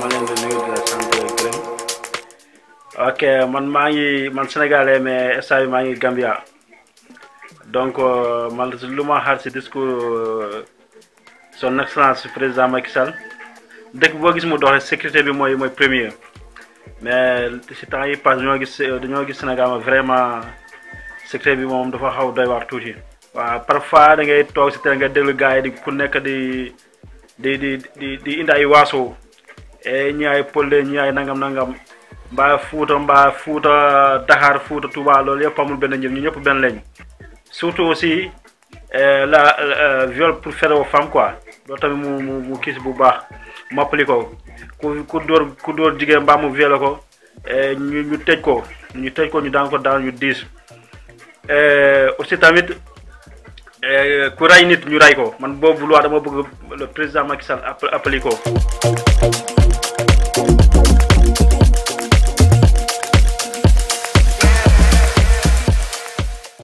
ma ok man maa ngi man sénégalais mais instant maa ngi Gambia donc euh, man lu ma xaar si discours euh, son excellence président Macky Sall dëkk boo gis mu doxee sécurité bi mooy mooy premier mais si temps yi passé dañoo gis dañoo gis Sénégal ma vraiment sécurité bi moom dafa xaw doy waar tuuti. waaw parfois da toog si te nga déglu gars di ku nekk di di di di indi ay waaso. e ñi ay Polle ñi ay nangam nangam mbaa Fuuta mbaa Fuuta Dakar Fuuta Touba loolu yëpp amul benn njëriñ ñu ñëpp benn lañ surtout aussi eh, la eh, viol pour faire aux femmes quoi loolu tamit mu mu mu kiis bu baax moppali ko ku ku dóor ku jigéen mbaa mu violé ko ñu ñu tëj ko ñu tëj ko ñu daan daal daan ñu diis aussi tamit ku rey nit ñu rey ko man boobu loi dama bëgg président Macky Sall appli